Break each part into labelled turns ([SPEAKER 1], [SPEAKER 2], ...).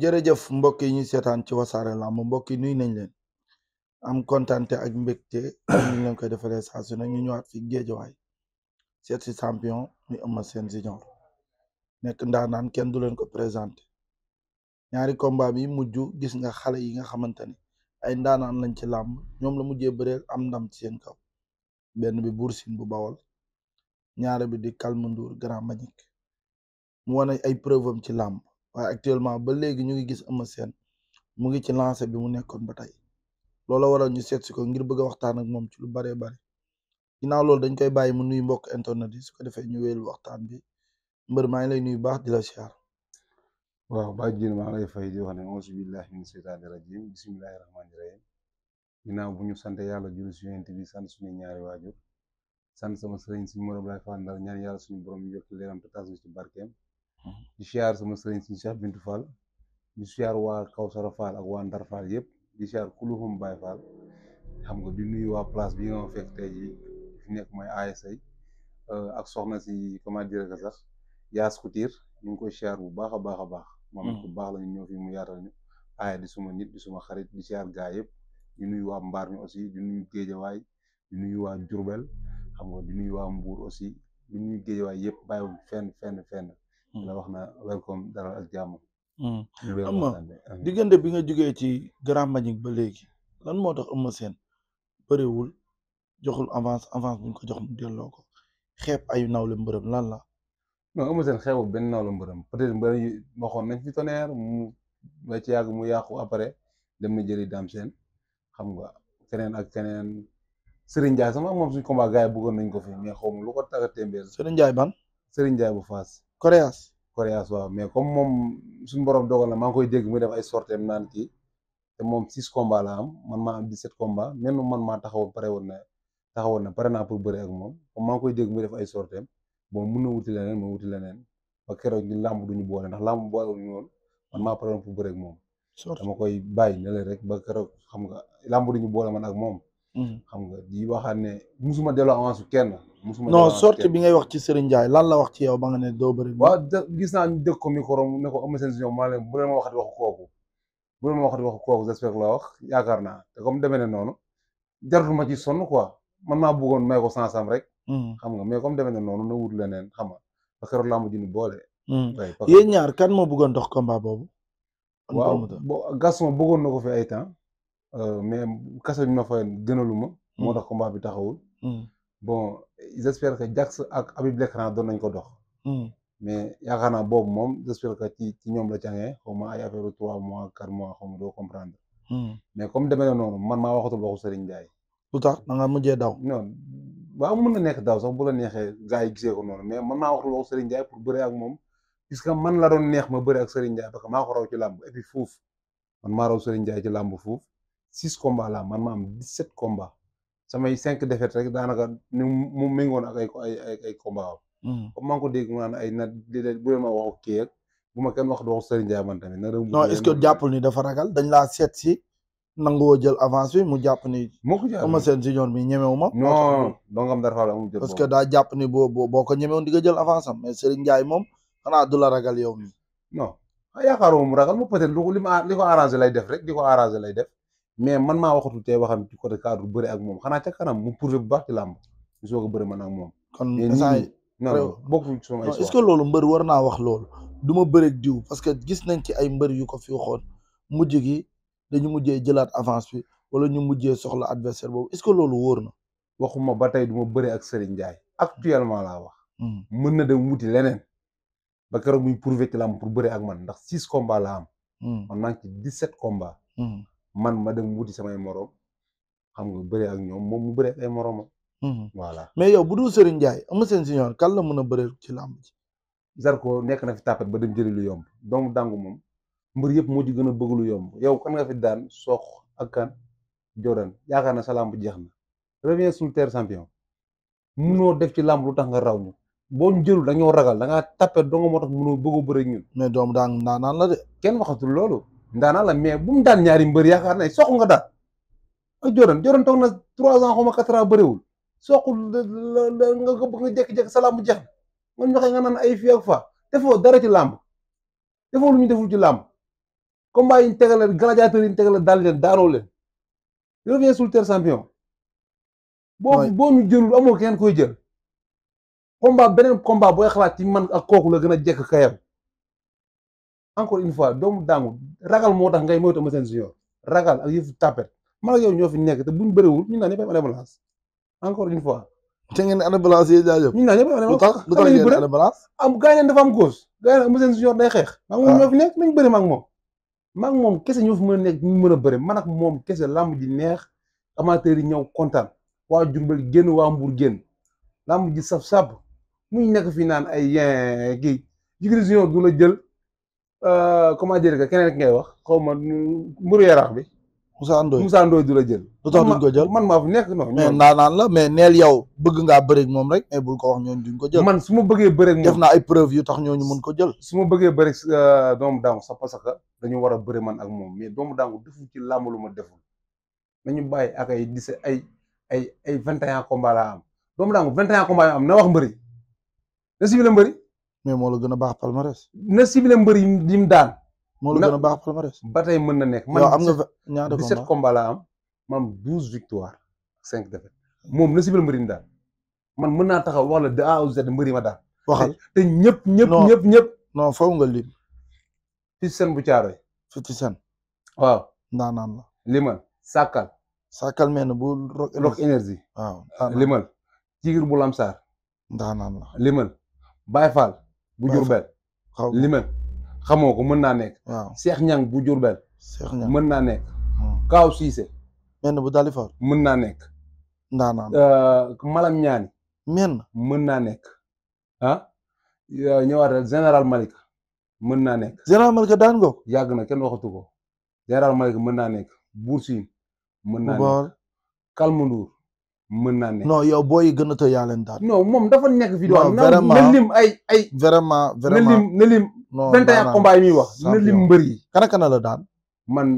[SPEAKER 1] jërëjëf mbokk yi ñu seetaan ci wasaare làmb mbokk yi nuy nañ leen am kontante ak mbégte ñu leen koy defalee saa su ne ñu ñëwaat fi géejawaay seet si champion mi seen Sène junior nekk ndaanaan kenn du leen ko présenté ñaari combat bi mujj gis nga xale yi nga xamante ni ay ndaanaan lañ ci làmb ñoom la mujjee bëreel am ndam ci seen kaw benn bi Bour Sine bu Bawol ñaare bi di Kalmandour Grand Mbagnick mu wane ay preuve ci làmb waaye actuellement ba léegi ñu ngi gis ama Sène mu ngi ci lancé bi mu nekkoon ba tey loolu waral ñu seet si ko ngir bëgg a waxtaan ak moom ci lu baree bare ginnaaw loolu dañ koy bàyyi mu nuyu mbokk internet yi su ko defee ñu wéyal waxtaan bi mbër maa ngi lay nuyu baax di la siyaar waaw ba jén
[SPEAKER 2] lay fay di wax ne auzu billahi min seytaani rajim bismillahi rahmaani rahim ginnaaw bu ñu sant yàlla julli si yonent bi sant suñu ñaari waajur sant sama sëriñ suñu moroom laay fàndal ñaan yàlla suñu borom yokk leeram te tas ci barkeem di siyaar sama sëriñ si Cheikh Bintu Fall di siyaar waa Kawsara Fall ak waa Ndar Fall yëpp di siyaar kuluhum Baye Fall xam nga di nuy waa place bi nga ma fekk tey jii fi nekk mooy ASA euh, ak soxna si comment dire que sax Yaas Coutir ñu ngi koy siyaar bu baax a baax a baax. Hmm. moom bu baax la ñëw mu yaatal di suma nit suma xarit di siyaar yëpp di nuyu waa Mbaar mi aussi di nuyu Géejawaay di nuyu waa Jurbel xam nga di nuyu waa Mbuur aussi di nuyu Géejawaay yëpp bàyyiwuñ fenn fenn fenn. la mm. wax na welcome dalal ak jàmm
[SPEAKER 1] Eumeu mm. diggante bi nga jógee ci Grand Mbagnick ba léegi lan moo tax Eumeu Sène bëriwul joxul avance avance buñ ko jox mu delloo ko xeeb ay nawle mbërëm lan la non Eumeu
[SPEAKER 2] Sène xeebu benn nawle mbërëm peut-être mbërëm yi waxoon nañ fi tonnerre mu ba ci yàgg mu yàqu après dem na jëri Dame Sène xam nga keneen ak keneen Serigne Ndiaye sama moom suñ combat gars yi bëggoon nañ ko fi mais xaw ma lu ko tax a témbeel Ndiaye ban Serigne Ndiaye bu Fass Coréas. Coréas waaw mais comme moom suñu borom dogal na maa ngi koy dégg muy def ay sorteem naan kii te moom six combat la am man maa am dix-sept man maa taxawoon pare woon na taxawoon na pare naa pour bëri ak moom comme maa ngi koy def ay sorteem bon mun na wuti leneen ma wuti leneen ba keroog ñu làmb duñu boole ndax làmb boole wuñu woon man maa pare woon pour bëri ak moom. dama koy bàyyi ne rek ba keroog xam nga làmb ñu boole man ak moom. Mm-hmm. xam nga di waxaat ne musuma delloo avance kenn. musuma non sortie bi ngay wax ci Serigne Ndiaye
[SPEAKER 1] lan la wax ci yow ba nga ne doo bëri. waaw
[SPEAKER 2] gis naa ñu dëkk ko micro ne ko Eumeu Sène si maa leen bu leen ma waxati waxu kooku bu leen ma waxati waxu kooku j'espère la wax yaakaar naa te comme demee ne noonu jarul ma ci sonn quoi man maa bëggoon may ko sansam rek. Hmm. xam nga mais comme demee ne noonu na wut leneen xam nga hmm. parce que laa mujj ni boole.
[SPEAKER 1] yéen ñaar kan moo bëggoon dox combat boobu.
[SPEAKER 2] waaw bo Gaston bëggoon na ko fi ay temps euh, mais kase bi ma fayoon gënalu ma. Hmm. moo tax combat bi taxawul. bon j'espère que Jax ak Habib Lecran doon nañ ko dox. Hmm. mais yaakaar naa boobu moom j'espère que ci ñoom la cangee xaw ma ay affaire trois mois quatre mois xaw doo comprendre. Hmm. mais comme demee na noonu man maa waxatul waxu Serigne Ndiaye. lu tax da nga mujjee daw. non waaw mën na nekk daw sax bu la neexee gars yi gisee ko noonu mais man maa waxatul waxu Serigne Ndiaye pour bëree ak moom puisque man la doon neex ma bëree ak Serigne Ndiaye parce que maa ko raw ci làmb et puis fuuf man maa raw Serigne Ndiaye ci làmb fuuf six combats la man ma am dix sept combats. samay cinq défaites rek daanaka ni mu méngoon ak ay ay ay combat am. Mm. comme maa ngi ko dégg mu ay na déedéet bu leen ma wax kii ak bu ma kenn wax du wax Serigne Ndiaye man tamit. non est-ce que
[SPEAKER 1] jàppul ni dafa ragal dañ laa seet si. nangoo jël avance bi mu jàpp ni. mu ko jàpp seen junior bi ñemewu ma. non donc am dara faaw parce que daa jàpp ni boo boo ko ñemewoon di nga jël avance am mais Serigne Ndiaye moom xanaa du la ragal yow mi non yaakaaruma mu ragal
[SPEAKER 2] moom peut lu li ma li ko arrangé lay def rek di ko arrangé lay def. mais man maa waxatul tey waxam ci côté cadre bëri ak moom xanaa ca kanam mu prouvé bu bax ci làmb ñu soog a bëri man ak moom. kon instant non
[SPEAKER 1] bokkul ci sama ay est-ce war naa wax loolu du ma bëri ak parce que gis nañ ci ay mbër yu ko fi waxoon mujj gi dañu mujjee jëlaat avance bi wala ñu mujjee soxla adversaire boobu est-ce wóor na. waxuma ba tey du ma bëri ak Serigne Ndiaye actuellement laa wax.
[SPEAKER 2] Hmm. mën na dem wuti leneen. ba keroog muy prouvé ci làmb pour bëri ak man ndax six combats la am. Hmm. man maa ngi ci dix sept combats. Hmm. man ma dem wuti samay morom xam nga bëree ak ñoom moom mu bëree ay morom mhm. voilà mais yow bu dul Serigne Ndiaye am seen senior kan la mën a bëree ci làmb ji. Zarko nekk na fi tàppat ba dem lu yomb doomu dàngu moom mbër yëpp moo ci gën a bëgg lu yomb yow kan nga fi daan sox ak kan Jordan yaakaar na sa làmb jeex na. revient sur terre champion munoo def ci làmb lu tax raw ñu boo ñu jëlul dañoo ragal da ngaa tàppat dong moo tax munoo ñun. mais doomu dàngu ndaanaan la de. kenn waxatul loolu. ndaanaa la mais bu mu daan ñaari mbër yaakaar na soq nga daan ay ah, Jordan Jordan toog na trois ans xaw ma quatre ans bëriwul nga bëgg nga jékki-jékki salaamu jeex nga joxe nga naan ay fii ak fa defoo dara ci làmb defoo lu ñu deful ci làmb komba yi ñu tegale gladiateur yi ñu tegale daal leen daanoo leen il revient sur le terre champion. boo boo ñu jëlul amoo kenn koy jël. combat beneen combat booy xalaat ci man ak kooku la gën a jekk kayam. encore une fois doomu daangu ragal moo tax ngay moytu Eumeu Sène junior ragal ak yëfu tapet man ak yow ñoo fi nekk te buñ bëriwul ñu naan ñëpp am balance encore te ngeen ne ana balance ñu naan ñëpp am balance lu am gars yi dafa am gauche gars yi nekk nañ bëri ma ak moom. moom kese ñoo fi mën a nekk ñu mën a bëri man ak moom kese làmb ji neex amateur yi ñëw kontaan waa Diourbel génn waa Mbour génn làmb ji saf sàpp mu nekk fi naan ay kii Jigéen junior du la jël Euh, comment dire que
[SPEAKER 1] keneen ki ngay wax xaw ma mburu yaraax bi. Moussa Ndoye Moussa Ndoye du la jël. lu tax duñ ko man maa fi nekk non. mais ndaanaan la mais neel yow bëgg ngaa moom rek mais bul ko wax ñooñu duñ ko jël. man su ma bëggee bëreeg moom def naa ay preuve yu tax ñooñu mun ko jël. su ma bëggee bëreeg euh, doomu daangu sax parce que
[SPEAKER 2] dañu war a bëri man ak moom mais doomu daangu defu ci làmb lu ma deful nañu bàyyi ak ay dix ay ay ay vingt et am doomu daangu vingt et un am na wax mbëri
[SPEAKER 1] na si mbëri mais moo la gën a baax palmarès. na
[SPEAKER 2] ciblé mbër yi mu daan. moo la gën a baax palmarès. ba tey mën na nekk man am nga ñaata 17 combat laa am ma victoire moom na ciblé mbër yi daan man mën naa taxaw wax la de A à Z mbër yi ma daan. waxal te ñëpp ñëpp ñëpp ñëpp. noo faw nga lim. fii sen bu caaroy. fii sen. waaw naan naan la. limal sàkkal. sàkkal mel ne bu rock énergie. limal. jigir bu lamsaar. naan naan limal Baye bu Jurbel limen xamoo ko mën naa nekk waaw Cheikh Niang bu Jurbel Cheikh Niang mën naa nekk hmm. Kaaw Siise menn bu Dalifort mën naa nekk ndaanaan euh, Malam Ñaani menn mën naa nekk ah euh, ñëwaatal général Malika mën naa nekk général Malika daan nga ko yàgg na kenn waxatu ko général malik mën naa nekk Buur Siin mën na nekk
[SPEAKER 1] Kalmunduur mën naa ne non yow booy gën a tooy yaa leen daal. non moom dafa nekk fi am. vraiment na lim ay ay. vraiment vraiment na lim na lim. non daanaka combat muy wax na lim mbër
[SPEAKER 2] kana kana la daan. man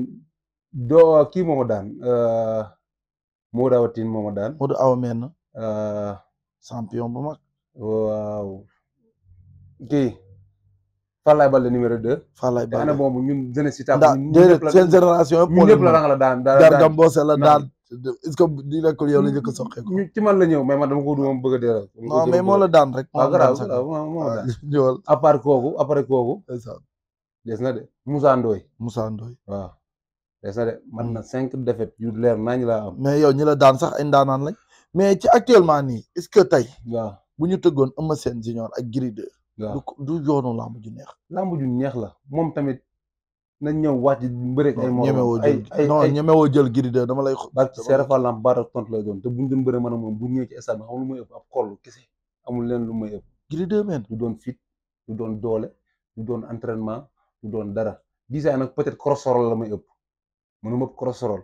[SPEAKER 2] doo kii moo daan euh, mu Awa Tine moo ma daan. Modou Awa meen na. Euh, champion bu mag. waaw. kii. Fallaye Baldé numéro 2. Fallaye Baldé te ana boobu la seen génération. daan la daan daan. est ce que di la ko yow la njëkk a ñu ci man la ñëw mais man dama ko du moom bëgg a dee. non mais moo la daan rek. Ah, moo la daan moo la daan ñëwal na de Moussa Ndoye.
[SPEAKER 1] Moussa man na cinq défaites yu leer nañ laa mais yow ñi la daan sax ay ndaanaan lañ mais ci actuellement nii est ce que tey. waaw bu ñu tëggoon Eumeu seen junior ak Gris 2. waaw du du yoonu lamb ju neex. lamb ju neex la moom tamit.
[SPEAKER 2] nañ ñëw wax ji mbëre ak ay moom ay non ñemewoo jël Gris dama lay barki seerafa lam baara tontu lay doon te buñ doon bëre man a moom bu ñëwee ci stade bi xam lu may ëpp ab xol kese amul leen lu may ëpp Gris 2 men du doon fit du doon doole du doon entraînement du doon dara bisaay nag peut-être crossorol la may ëpp mënu ma crossorol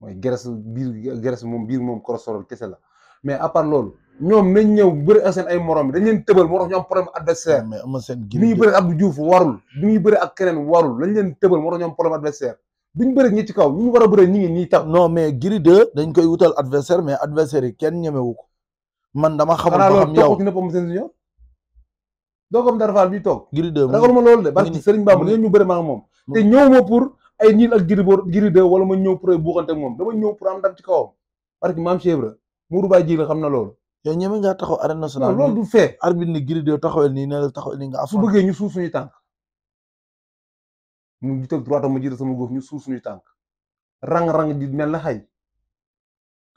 [SPEAKER 2] mooy geres biir geres moom biir moom crossorol kese la mais à part loolu ñoom nañ ñëw bëri ak seen ay morom bi dañ leen tëbal moo tax ñu problème adversaire mais am seen bi ñuy bëri Abdou warul bi ñuy bëri ak keneen warul lañ
[SPEAKER 1] leen tëbal moo tax ñu am problème adversaire duñ ñu war a bëri ñi ngi ñiy tax non mais Gris 2 dañ koy wutal yi kenn ñemewu ko man dama xamul ba xam yow ci
[SPEAKER 2] nëpp am seen junior doo ko dara
[SPEAKER 1] loolu
[SPEAKER 2] de parce que Serigne Bamba moom te ñëwuma pour ay niil ak Gris wala ma ñëw pour ay buuxante moom dama ñëw pour am ndam ci kawam
[SPEAKER 1] parce que maam chèvre muuru baay xam na loolu yow ñeme ngaa taxaw arène nationale. loolu du fee arbitre ni Gris 2 taxawal nii ne nga af. su bëggee ñu suuf suñuy tànk
[SPEAKER 2] mu jiite droite ma jiite sama góof ñu suuf suñuy tànk rang-rang di mel na xay.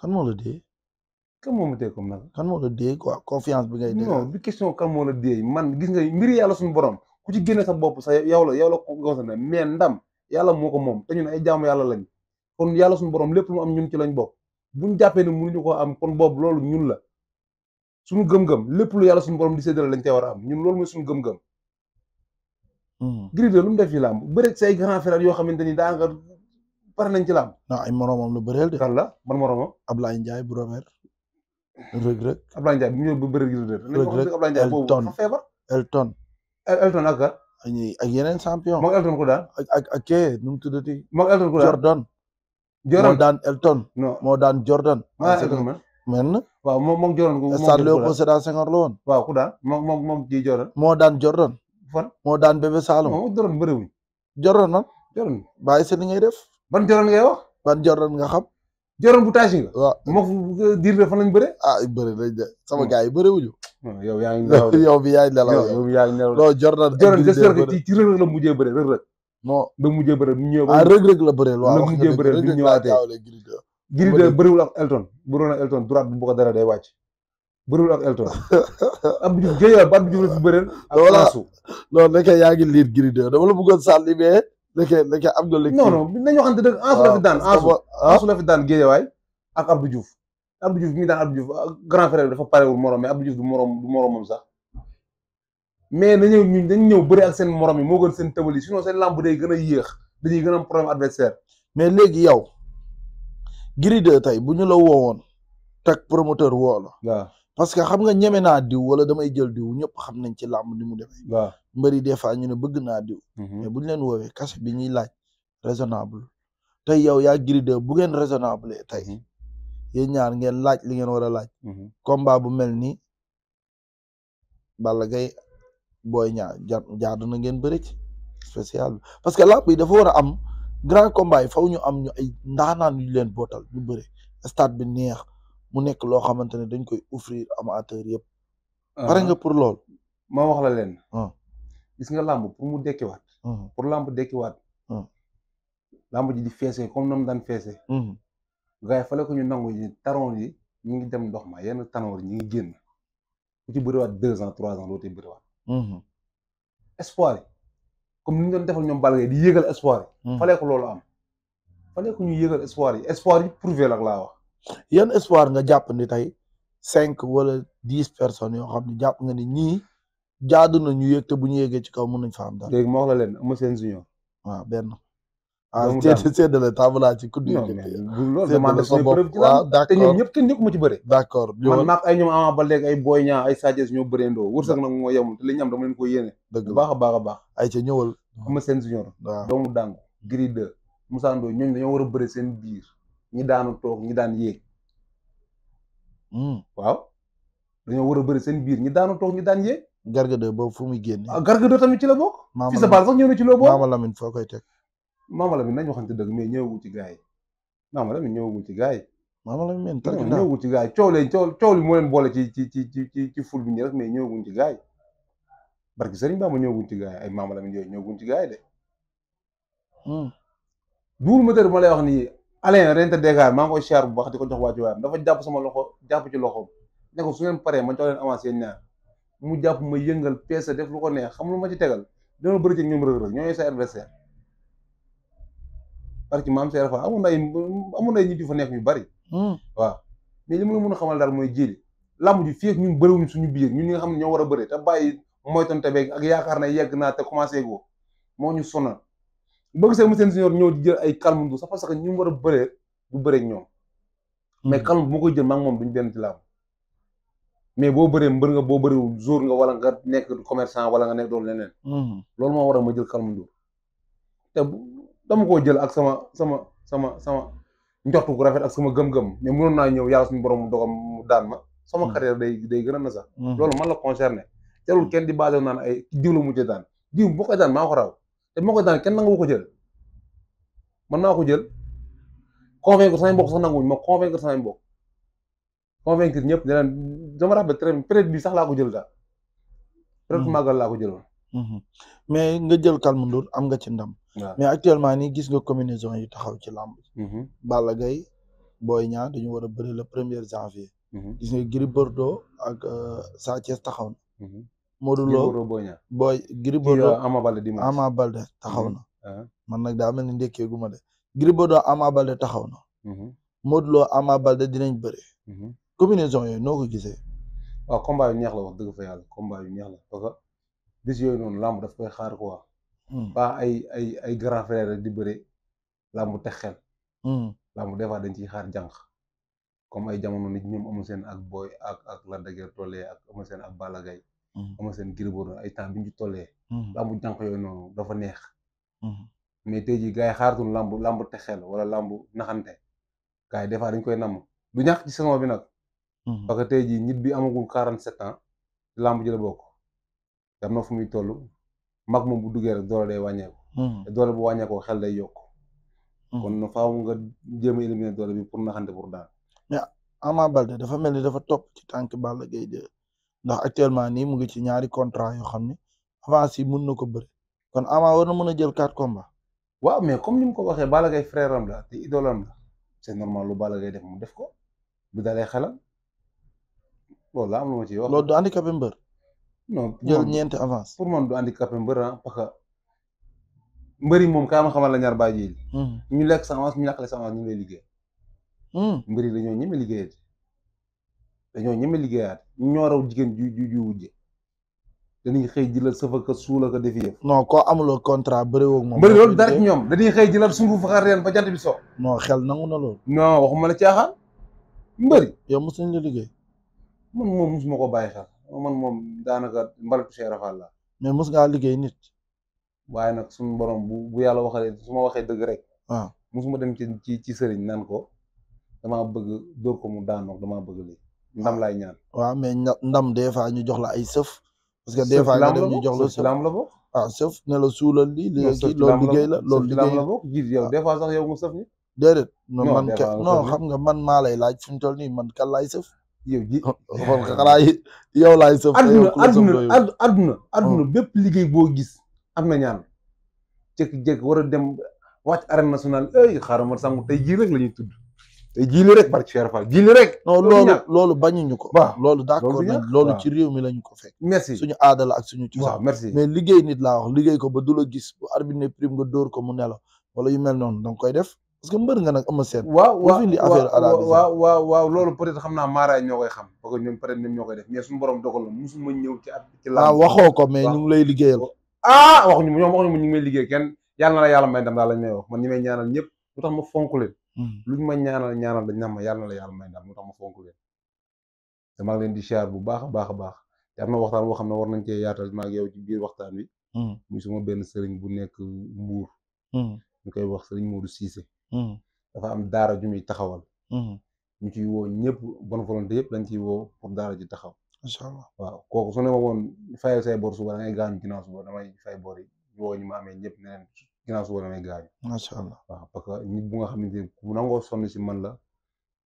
[SPEAKER 2] kan moo la dee. kan moo ma dee comme nag. kan moo la dee quoi confiance bi ngay. dee non bi question man gis nga mbiri yàlla suñu borom ku ci génne sa bopp sa yow la yow ndam yàlla moo ko moom te ñun ay jaamu yàlla lañ kon yàlla suñu borom lépp mu am ñun ci lañ bokk buñ jàppee ne mënuñu ko am kon boobu loolu ñun la suñu gëm-gëm lépp lu yàlla suñu borom di séddale lañ tey war am ñun loolu mooy suñu gëm-gëm. Hmm. Gris 2 lu mu def fi làmb say grand frère yoo xamante ni daa nga pare nañ ci làmb. non ay moromam lu bëreel de. kan la man moromam.
[SPEAKER 1] Ablaye Ndiaye bu Robert. Rëg Rëg. Ablaye Ndiaye bu ñëw bu bëreeg Gris 2. Rëg Rëg Ablaye Ndiaye boobu dafa feebar. Elton Elton ak ak. yeneen champion. moog Elton ku daan. ak ak ak kee nu Elton ku daan moo daan Elton. moo daan Jordan. Ah, mën na waaw moom moom Jordan. moom stade Léopold Sédar Senghor la woon. waaw ku daan moom moom moom ji Jordan. moo daan Jordan. fan moo daan bébé Saloum. moom Jordan bëriwuñ. Jordan man. Jordan bàyyi seen ni ngay def. ban Jordan ngay wax. ban Jordan nga xam. Jordan bu taasi la. waaw moom diir la fan lañ bëree. ah bëri nañ de sama hmm. gars yi bëriwuñu. Hmm, yow yaa ngi nelaw yow bi yaa ngi nelaw yow bi yaa ngi nelaw. non Jordan. Jordan j'espère que ci
[SPEAKER 2] ci rëg rëg la mujjee bëree rëg rëg. non la mujjee bëree bu ñëwee. ah rëg rëg la bëree waaw wax nga dëgg
[SPEAKER 1] rëg
[SPEAKER 2] rëg Gris 2 bëriwul ak Elton bëriwul ak Elton droite bu ko dara day wàcc bëriwul ak Elton Abdou Diouf
[SPEAKER 1] jëyal ba Abdou Diouf la fi bëreel ak Mansour non nekk yaa ngi liir Gris 2 dama la bëggoon sànni mais nekk nekk am nga lecture non non nañu waxante dëgg Ansu la fi daan ah, Ansu Ansu la fi daan Géejawaay
[SPEAKER 2] ak Abdou Diouf Abdou Diouf mi ngi daan Abdou ah, grand frère dafa parewul morom mais Abdou Diouf du morom du moromam sax mais na nañu ñun dañu ñëw bëri ak seen morom yi moo gën seen tëbal yi seen lamb day gën a
[SPEAKER 1] yéex dañuy gën a am problème adversaire mais léegi yow Gris 2 tey bu ñu la woowoon teg promoteur woo la. waaw parce que xam nga ñeme naa diw wala damay jël diw ñëpp xam nañ ci làmb ni mu demee. waaw mbëri des fois ñu ne bëgg naa diw. Mhm. mais bu ñu leen woowee kase bi ñuy laaj raisonnable tey yow yaa Gris 2 bu ngeen raisonnable tey mhm. yéen ñaar ngeen laaj li ngeen war a laaj. Mhm. combat bu mel nii Balla Gaye Boy Niang jaar na ngeen bëri ci spécial parce que làmb yi dafa war a am. grand combat yi faw ñu am ñu ay ndaanaan yu leen bootal ñu bëre stade bi neex mu nekk loo xamante ne dañ koy offrir amateur yëpp. Ah. pare nga pour lool. ma wax la leen. Ah. gis nga làmb pour mu dekkiwaat. Ah. pour làmb dekkiwaat.
[SPEAKER 2] làmb ji di feesee comme nam daan feesee. gars yi fale ko ñu nangu yi taroon yi ñu ngi dem ndox ma yenn tanoor yi ñu ngi génn ku ci bëriwaat deux ans trois ans dootul bëriwaat. espoir yi comme ni ñu doon defal ñoom Balla Gaye di yéegal
[SPEAKER 1] espoir yi. Hmm. falee ko loolu am. falee ko ñu yéegal espoir yi espoir yi prouvé la laa wax. yan espoir nga jàpp ni tey cinq wala dix personnes yoo xam ne jàpp nga ni ñii jaadu na ñu yëg te bu ñu yëgee ci kaw mën nañ fa am dara. léegi ma wax la leen Eumeu Sène junior. waaw benn. ah séddale tabala ci kudd yi loolu dama def sama preuve ci làmb te ñoom ñëpp kenn nekkuma ci bëre d'accord man maag
[SPEAKER 2] ay ñoom Ama Baldé ay Boy Niang ay Sa Thiès ñoo bërendoo wërsëg nag moo yemul te li ñu am dama leen ko yéene dëgg baax a baax a baax ay ca ñëwal ama seen junior waaw doomu dàngu Gris 2 Moussa Ndoye ñooñu seen biir ñi toog ñi daan yéeg hmm. waaw dañoo war a bëre seen biir ñi daanu toog ñi daan yéeg garga de boobu fu muy génne ah, garga de tamit ci la bokk fi sa baal sax ñëw na ci Mama Lamine nañ waxante dëgg mais ñëwagul ci gars yi Mama Lamine ñëwagul ci gars yi. Mama
[SPEAKER 1] Lamine men tarki naa ñëwagul
[SPEAKER 2] ci gars yi coow leen coow coow li moo boole ci ci ci ci ci ful bi nii rek mais ñëwaguñ ci gars yi barki Sëriñ Bamba ñëwaguñ ci gars yi ay Mama Lamine yooyu ñëwaguñ ci gars de. Hmm. duul moteur bi ma lay wax nii Alain rente dégâts maa ngi koy siyaar bu baax di ko jox wàccu nda dafa jàpp sama loxo jàpp ci loxoom ne ko su ngeen paree ma jox leen avancé ñaar mu jàpp ma yëngal peese def lu ko neex xam lu ma ci tegal dama bëri ci ñoom rëg-rëg sa adversaire parce que maam Serap amoon na ay amoon na ay nit yu fa nekk ñu bari. Hmm. waaw mais li ma mën a xamal daal mooy jili làmb ji fii ak ñun bëriwuñ suñu biir ñu ñi nga xam ne ñoo war a bëri te bàyyi moytonte beeg ak yaakaar na yegg naa te commencé goo moo ñu sonal boo gisee mu seen senior ñëw di ay calme du sax parce que ñu war a bëree du bëree ñoom hmm. mais calme bu koy jël maa ngi moom duñ benn mais boo bëree mbër nga boo bëriwul jour nga wala nga nekk wala nga nekk doon leneen hmm. loolu moo war a ma jël calme dama koo jël ak sama sama sama sama njortu gu rafet ak sama gëm-gëm mais mënoon naa ñëw yàlla suñu borom mu dogam mu daan ma sama hmm. carrière day day gën na sax hmm. loolu man la concerné jarul kenn di basé naan ay diw la mujjee daan diw boo koy daan maa ko raw te moo koy daan kenn nangu ko jël man naa ko jël convaincre samay mbokk sax nanguwuñ ma convaincre samay mbokk convaincre ñëpp ne dama rafet très peut bi sax laa ko jël daal peut-être hmm. laa ko jëloon
[SPEAKER 1] Mhm. mais nga jël Calme Ndour am nga ci ndam. actuellement nii gis nga combinaison yi taxaw ci làmb. Mhm. bala Gaye Boy Niang dañu war a bëri le premier janvier. Mhm. gis nga ak euh, Sa taxaw na. Modou Lo Boy Niang Boy Gris Bordeaux Ama Baldé taxaw na. Ah. man nag daa mel ni ndekkee ma de Gris Bordeaux Ama Baldé taxaw na. Modou Lo Ama Baldé dinañ bëri. combinaison yooyu noo ko gisee. waaw combat la wax dëgg fa yàlla combat
[SPEAKER 2] bis yooyu noonu làmb daf koy xaar ko pas hmm. ay ay ay grand frère di bëre làmb teg xel. Hmm. làmb des fois dañ ciy xaar jànq. comme ay jamono nit ñoom amul seen ak booy ak ak la dëgër tollee ak amul seen ak Balla Gaye. amul hmm. seen giriboro ay temps bi ñu tollee. làmb jànq yooyu noonu dafa neex. mais tey ji gars yi xaaratul làmb làmb teg xel wala làmb naxante gars yi des fois dañ koy nam du ñàkk ci saison bi nag. parce que tey jii nit bi amagul quarante sept ans làmb ji bokk. am na fu muy toll mag moom bu duggee rek doole day wàññeeku. Hmm. te doole bu wàññeekoo xel day yokk. Hmm. kon faaw nga jéem a doole bi pour naxante pour daan.
[SPEAKER 1] mais Ama Baldé dafa mel ni dafa topp ci tànk Balla Gaye 2 ndax actuellement nii mu ngi ci ñaari contrat yoo xam ne avance yi mun na ko bëri kon Ama war na mën a jël quatre komba waaw mais comme ni mu ko waxee Balla gay frère am la te idole la c' normal lu Balla Gaye def mu def ko
[SPEAKER 2] bu dalee xelam loolu la am na non jël ñeenti avance pour man du handicapé mbër ah, parce que mbëri moom kaa ma xamal la ñaar bàyyi ji. Hmm. ñu lekk sa avance ñu ñàkkale sa avance ñu ngi lay liggéey. Hmm. mbëri dañoo ñeme liggéeyaat dañoo ñeme liggéeyaat ñoo raw jigéen ju ju ju wujje
[SPEAKER 1] dañuy xëy jëlal sëf ak suula ak def yëf. ko koo amuloo contrat bëri woog moom. bëri loolu dara ñoom
[SPEAKER 2] dañuy xëy jëlal suñu faxar reen ba jant bi soo moo xel nangu na loolu. non waxuma la caaxaan. mbëri yow mosuñ la liggéey. man moom mosuma ko bàyyi xel. man moom daanaka mbalitu Cheikh Rafal la mais mos ngaa liggéey nit waaye nag suñu borom bu bu yàlla waxalee su ma waxee dëgg rek waaw ah. ma dem ci ci sëriñ nan ko damaa bëgg dóor ko mu daanoo damaa bëgg lii ndam lay ñaan
[SPEAKER 1] waaw mais ndam des fois ñu jox la ay sëf parce que des fois nga dem ñu jox la sëf lam la bokk waaw ah, suulal li léegi loolu liggéey la loolu liggéey la bokk gis yow des fois sax yow mu sëf ni déedéet non man non xam nga man maa lay laaj fu toll nii man kal laay sëf yow ji xool xanaa yow laay sëf. adduna
[SPEAKER 2] adduna oh. bépp liggéey boo gis am na ñaan jékki-jékki war a dem wàcc na nationale ay xaaral ma sangu tey jii rek la ñuy tudd tey jii li rek barke Cheikh
[SPEAKER 1] Fall jii li rek. loolu loolu bañuñu ko. waaw loolu d'accord nañ loolu ci réew mi lañu ko fekk. merci suñu aada la ak suñu. waaw merci mais liggéey nit laa wax liggéey ko ba du la gis bu arbitre ne prime nga dóor ko mu nelaw wala yu mel noonu danga koy def. parce que mbër nga nag ama seet waaw waaw indi affaire waaw
[SPEAKER 2] waaw waaw loolu peut être xam naa maaraay ñoo koy xam parce que ñoom peut être ñoom ñoo ah,
[SPEAKER 1] ko mais ñu ngi lay liggéeyal ah waxuñu
[SPEAKER 2] ñoom waxuñu ñu ngi may liggéey kenn yàlla na la yàlla may ndam daal lañ may wax man ñi may ñaanal ma fonk leen hmm. luñ na ma yàlla la yàlla may ndam lu tax ma ngi leen di siyaar bu baax a a baax am na waxtaan boo xam ne war nañ cee yaatal maag yow ci biir waxtaan bi hmm. muy suma benn sëriñ bu nekk mbuur hmm. ñu koy wax sëriñ Modou Cissé Hmm. dafa am daara ju muy taxawal. Hmm. ñu ciy woo ñëpp bonne volonté yëpp dañ ciy woo pour daara ji taxaw. incha allah waaw kooku su ne ma woon fayal say bor suba da ngay gaañu ginnaaw ma ñëpp ne leen ginnaaw suba damay gaañu. macha allah parce que nit bu nga xam ne ku nangoo sonn si man la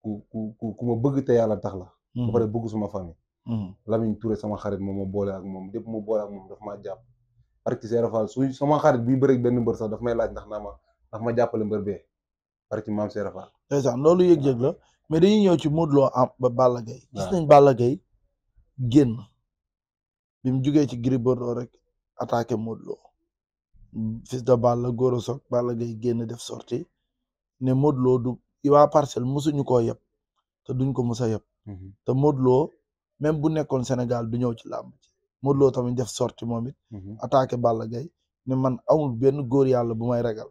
[SPEAKER 2] ku ku ku ma bëgg te yàlla tax la. Hmm. ba pare bëgg suma famille. Lamine Touré sama xarit moom ma boole ak moom lépp ma boole ak jàpp. parce que su sama xarit bi bëreeg benn mbër sax daf may laaj ndax naa ma ndax ma jàppale mbër bee. parce que maam Serap Fall.
[SPEAKER 1] ndeysaan loolu yëg-yëg la mais dañuy ñëw ci Modou Lo am ba Balla Gaye nañ Balla Gaye génn bi mu jugee ci Gris Bordeaux rek attaqué Modou Lo de Balla góor Sock Balla Gaye génn def sorti ne Modou du waa parcelle mosuñu koo yëpp te duñ ko mos a yëpp mhm. te Modou Lo même bu nekkoon Sénégal du ñëw ci làmb ci Modou tamit def sorti moom it mhm. attaqué Balla ne man amul benn góor yàlla bu may ragal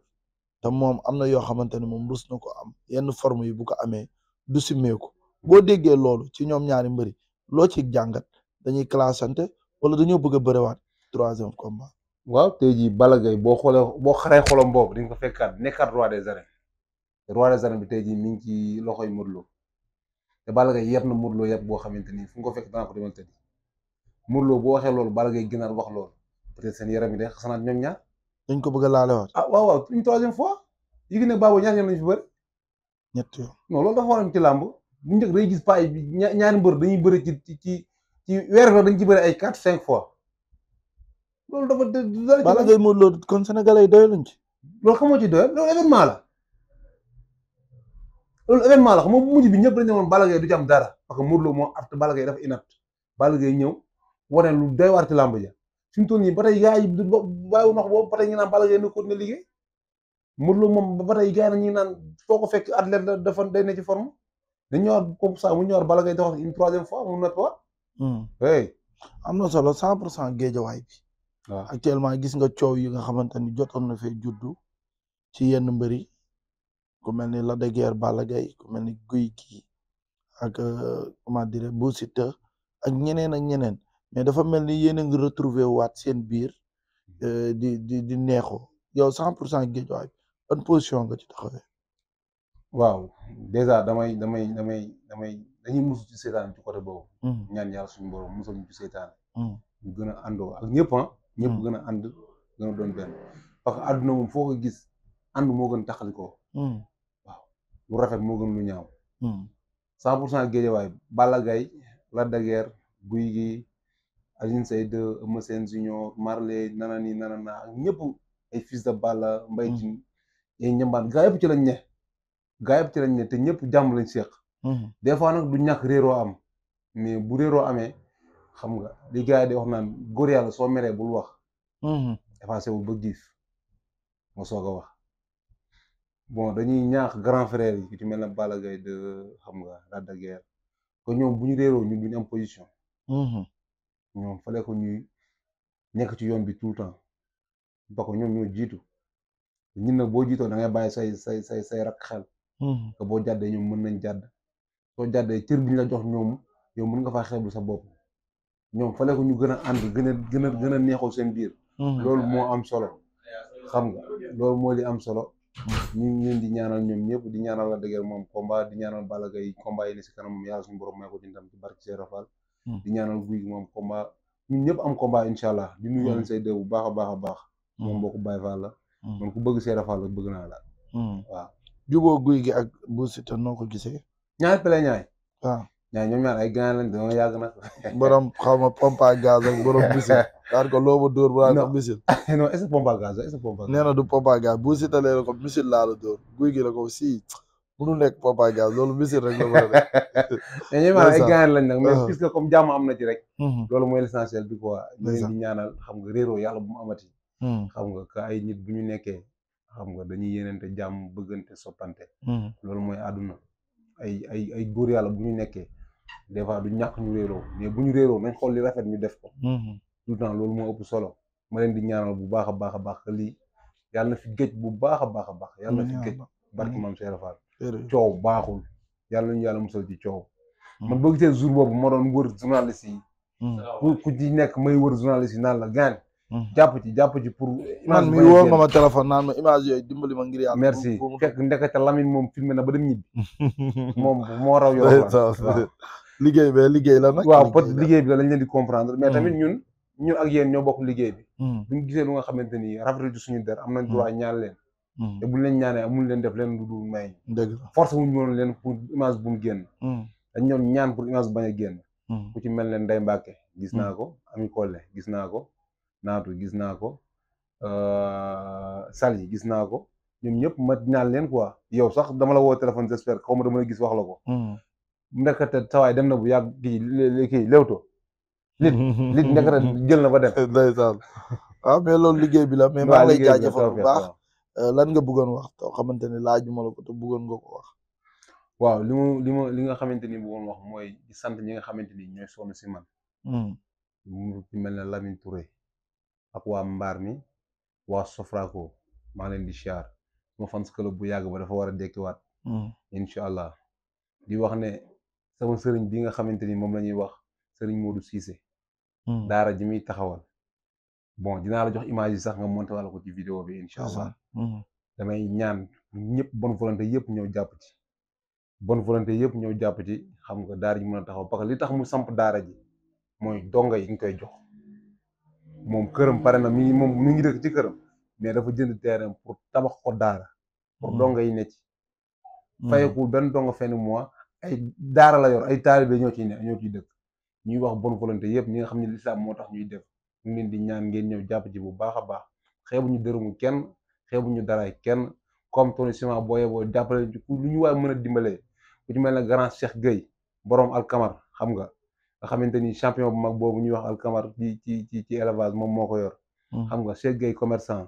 [SPEAKER 1] te moom am na yoo xamante ne moom rus na ko am yenn forme yi bu ko amee du simmeeku boo déggee loolu ci ñoom ñaari mbëri loo ci jàngat dañuy classante wala dañoo bëgg a bëriwaat troisième combat.
[SPEAKER 2] waaw tey jii Balla Gaye boo xoolee boo xaree xolom boobu di nga ko fekkaat nekkaat roi des arènes te roi des arènes bi tey jii mi ngi ci loxoy Modou te Balla Gaye yeb na Modou Lo yeb boo xamante ni fu nga ko fekk dana ko demal tëdd Modou Lo boo waxee loolu Balla Gaye wax loolu peut seen yaram yi day xasanaat ñoom dañ ko bëgg a laalewaat. ah waaw waaw une fois. yi ne Babou ñaar ñoom lañ fi bëri. ñett yoon non loolu dafa waram ci làmb bu njëkk day gis paa yi ñaari mbër dañuy bëri ci ci ci ci weer la dañ ci bëri ay quatre cinq fois.
[SPEAKER 1] loolu dafa dara. Balla Gaye Modou kon Sénégalais yi doyaluñ ci. loolu xamoo ci doyal loolu événement la. loolu événement la xam nga mujj bi ñëpp dañu ne
[SPEAKER 2] woon Balla Gaye du ci dara parce que Modou Lo moo art Balla Gaye dafa inapte Balla Gaye ñëw wane lu doy waar ci làmb suñu toll nii ba tey gars yi bàyyiwul wax boobu ba tey ñu naan Balla ko ne liggéey Modou lu moom ba tey gars na ñu naan foo ko fekk athlète la dafa day ne ci forme dañ ñëwaat
[SPEAKER 1] comme ça mu ñëwaat Balla Gaye taxaw une troisième fois mu nettoie. Hmm. oui. am na solo cent pour cent géejawaay bi. waaw actuellement gis nga coow yi nga xamante ni jotoon na fee juddu ci yenn mbër ku mel ni Lac de Guiers Balla ku mel ni Gouye Gui ak euh, comment dire Bou Siteu ak ñeneen ak ñeneen. mais dafa mel ni yéen a ngi retrouver waat seen biir euh, di di di neexoo yow cent pour cent Guédiawaye ban position nga ci taxawee waaw
[SPEAKER 2] damay damay damay damay dañuy musu ci boobu hmm. suñu borom musal ñu ci hmm. gën a àndoo ak ñëpp ah. hmm. gën ànd gën a parce que àdduna foo ko ànd moo gën taxali ko
[SPEAKER 1] waaw
[SPEAKER 2] lu rafet moo gën lu ñaaw cent pour cent Aline Seye 2 Eumeu Sène Junior Marley nanani nanana ak ñëpp ay fils de Balla Mbaye mm. Tine ay ñambaan gaa yëpp ci lañ ne gaa yëpp ci lañ ne te ñëpp jàmm lañ seeq mm-hmm. des fois nag du ñàkk réeroo am mais bu réeroo amee xam nga li gars yi di wax naan góor yàlla soo meree bul wax mm-hmm. effacé wu ba giif nga soog a wax bon dañuy ñaax grand frère yi ci mel na Balla Gaye de xam nga Lac de ñoom bu ñu réeroo ñun duñu am position mm-hmm. ñoom fale ko ñuy nekk ci yoon bi tout le temps ba ko ñoom ñoo jiitu ñun nag boo jiitoo da ngay bàyyi say say say say rakk xel. Mm-hmm. que boo jàddee ñoom mën nañ jàdd. soo jàddee cër bi ñu la jox ñoom yow mën nga faa xeeblu sa bopp ñoom fale ñu gën a ànd gën gën a gën a neexoo seen biir. Mm-hmm. loolu moo am solo. xam nga loolu moo di am solo. ñu ngi leen di ñaanal ñoom ñëpp di ñaanal la dëgër moom combat di ñaanal Balla Gaye combat yi ne si kanam moom yàlla suñu borom may ko ci ci barke Serap Fall. Hmm. di ñaanal guy gi moom combat ñun ñëpp am combat incha allah. di nuyu Alioune hmm. Seye bu baax a baax a baax. Hmm. moom mbokku Baye Fall la. man ku bëgg Seera Fall la bëgg naa laa waaw juboo guy gi ak bu Siteu noo ko gisee. ñaar pele ñaay. waaw ah. ñaar ñoom ñaar ay gànnaar lañ dañoo yàgg na. borom xaw ma pompe à gaz ak borom bisil.
[SPEAKER 1] daal ko looba dóor bu laa ko
[SPEAKER 2] bisil. non est-ce
[SPEAKER 1] bu Siteu lee la ko bisil guy gi la ko sii. mënu nekk Papa Diaw loolu misir rek la mën a def
[SPEAKER 2] ay gaañ lañ nag mais puisque
[SPEAKER 1] ah. comme jàmm am na ci rek
[SPEAKER 2] mhm. loolu mooy l'essentiel bi quoi ñu leen di nga réeroo yàlla bu mu amati mhm. nga que ay bu ñu nekkee xam nga dañuy yenente jàmm bëggante soppante mhm. loolu mooy àdduna ay ay ay góor yàlla bu ñu nekkee des fois du ñàkk ñu réeroo mais ñu réeroo nañ xool li rafet ñu def ko tout le solo ma leen di ñaanal bu baax a baax a baax lii yàlla na fi géej bu baax a baax a baax yàlla na fi géej barki maam Cheikh Fall coow baaxul yàlla ñu yàlla musal ci coow. Hmm. man boo gisee jour boobu ma doon wër journaliste yi. Hmm. ku ku ci nekk may wër journaliste yi naan la gaañ. Hmm. jàpp ci jàpp ci pour. man mi woo nga ma
[SPEAKER 1] téléphone naan ma image yooyu
[SPEAKER 2] dimbali ma ngir yàlla. merci fekk ndekete Lamine moom filmé na ba dem ñibbi. moom moo raw yow. liggéey
[SPEAKER 1] bi la nag. waaw peut
[SPEAKER 2] liggéey bi la lañ leen di comprendre. mais tamit ñun ñun ak yéen ñoo bokk liggéey bi. buñ gisee lu nga xamante ni rafetlu suñu der am nañ droit ñaan Mm. te buñ leen ñaanee amul leen def leen lu dul may. force wuñ mënoon leen pour image bu mu génn. Mm. dañ ñoon ñaan pour image bañ a génn. Mm. ku ci mel neen Ndeye Mbacke. gis naa ko Ami kole gis naa ko Naatu gis naa ko euh, Sali gis naa ko ñoom ñëpp ma ñaan leen quoi yow sax dama la woo téléphone j'espère xaw ma dama la gis wax la ko. ndekete sawaay dem na bu yàgg kii kii Leewtoo. lit lit jël
[SPEAKER 1] na ba dem. ndeysaan waaw ah, mais loolu liggéey bi la. mais maa ngi lay jaajëfal bu baax. Euh, lan nga bëggoon wax too xamante ne laajuma la ko te bëggoon nga ko wax. waaw li mu li li nga xamante ni bëggoon wax
[SPEAKER 2] mooy di sant ñi nga xamante ni ñooy sonn si man. Hmm. mel ne Lamine Touré ak waa mi waa Sofraco maa leen di siyaar bu yàgg ba dafa war a dekkiwaat. Hmm. incha allah di wax ne sama sëriñ bi nga xamante ni moom la ñuy wax sëriñ Modou Cissé. Hmm. daara ji muy taxawal bon dinaa la jox image yi sax nga monté wàll ko ci vidéo bi incha allah. Mmh. damay ñaan ñëpp bonne volonté yëpp ñëw jàpp ci bonne volonté yëpp ñëw jàpp ci xam nga daara ji mën a taxaw parce li tax mu samp daara ji mooy donga yi ñu koy jox moom këram pare na mi moom mi ngi dëkk ci këram mais dafa jënd terrain pour tabax ko daara pour mmh. donga yi ne ci mmh. fayeku benn donga fenn mois ay daara la yor ay taalibe ñoo ciy ne ñoo ciy dëkk ñuy wax bonne volonté yëpp ñi nga xam ne lislaam moo tax ñuy def ñu leen di ñaan ngeen ñëw jàpp ci bu baax a baax xeebuñu dërëmu kenn xeebuñu daraay kenn comme Tonny Ciment boo yeboo jàppale lu ñu waay mën a dimbalee ku ci mel ne grand Cheikh Gueye borom alkamar xam nga nga xamante ni champion bu mag boobu ñuy wax alkamar ci ci ci ci élevage moom moo ko yor. Hmm. xam nga Cheikh Gueye commerçant.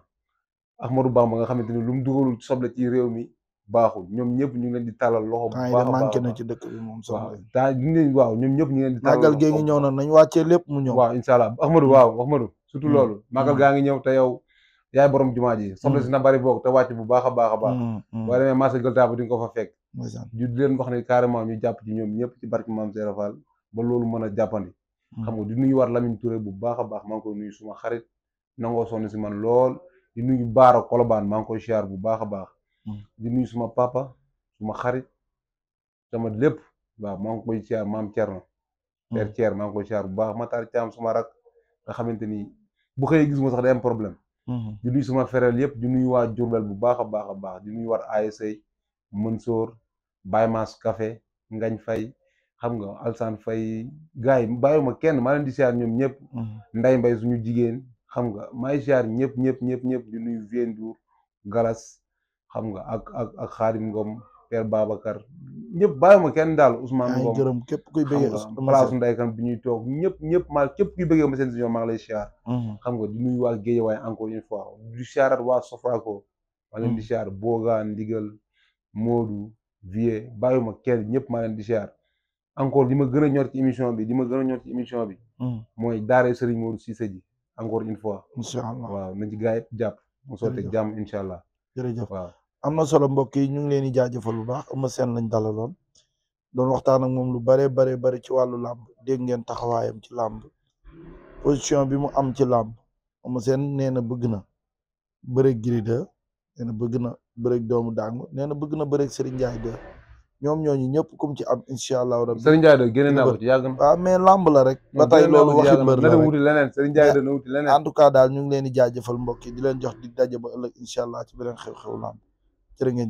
[SPEAKER 2] Ahmadou ma nga xamante ni lu mu dugalul soble ci réew mi baaxul ñoom ñëpp ñu ngi leen di tàllal loxo. bu baax a baax manqué na ci dëkk bi moom. waaw
[SPEAKER 1] taa waaw ñoom ñëpp ñu di. tàllal loxo màggal gee ngi na nañu wàccee lépp mu ñëw. waaw incha
[SPEAKER 2] allah Ahmadou hmm. loolu. Hmm. gaa ngi ñëw te yow yaay boroom jumaa ji soxla mm. si na bari boog te wàcc bu baax a baax a baax mm, mm. boo demee marché Gueule Tapée di nga ko fa fekk ñu di leen wax ne carrément ñu jàpp ci ñoom ñëpp ci barki maam Serap Fall ba loolu mën a jàppandi xam nga di nuyu war Lamine Touré bu baax a baax maa ngi koy nuyu suma xarit nangoo sonn si man lool di nuyu Baara Kolobaan maa ngi koy siyaar bu baax a baax di nuyu suma papa suma xarit sama lépp waa maa ngi koy siyaar maam Thierno père Thierno maa ngi koy siyaar bu baax Matar Thiam suma rak nga xamante ni bu xëyee gis ma sax day problème Mm-hmm. di nuyu suma fereel yëpp di nuyu waa Diourbel bu baax a baax a baax di nuyu waa ASC Mansour bay Mass kafe Ngañ Fay xam nga Alsaan Fay gars yi bàyyiwuma kenn maa leen di siyaar ñoom ñëpp. Mm-hmm. Nday Mbay suñu jigéen xam nga may ngi siyaar ñëpp ñëpp ñëpp ñëpp di nuyu Viendour Galas xam nga ak ak ak Ngom Père Babacar ñëpp bàyyi ma kenn daal Ousmane Ngom gërëm képp kuy bëggee place ndaykan bi ñuy toog ñëpp ñëpp maa képp kuy bëggee ma seen si maa ngi lay siyaar mhm. xam di nuyu waa Géejawaay encore une fois du siyaarat waa Sofraco maa leen di mhm. siyaar Boga Ndigal Modou Vieux bàyyi ma kenn ñëpp maa leen di siyaar encore li ma gën a ñor ci émission bi li ma gën a ñor ci émission bi mhm. mooy daare Serigne Modou Cissé ji encore une fois incha allah waaw mu sottee jàmm incha
[SPEAKER 1] allah am na solo mbokk yi ñu ngi leen di jaajëfal bu baax Eumeu Sène lañ dalaloon doon waxtaan ak moom lu bare bare bare ci wàllu làmb dégg ngeen taxawaayam ci làmb position bi mu am ci làmb Eumeu Sène nee na bëgg na bëreeg Gris 2 na bëgg na bëreeg doomu Dangu nee na bëgg na bëreeg Serigne Ndiaye 2 ñoom ñooñu ñëpp kum ci am incha allahu rabi. Serigne Ndiaye 2 la rek. ba tey loolu waxi mbër la rek wuti leneen daal ñu ngi leen di jaajëfal mbokk yi di leen jox di daje ba ëllëg incha allah ci beneen xew-xew jërë ngeen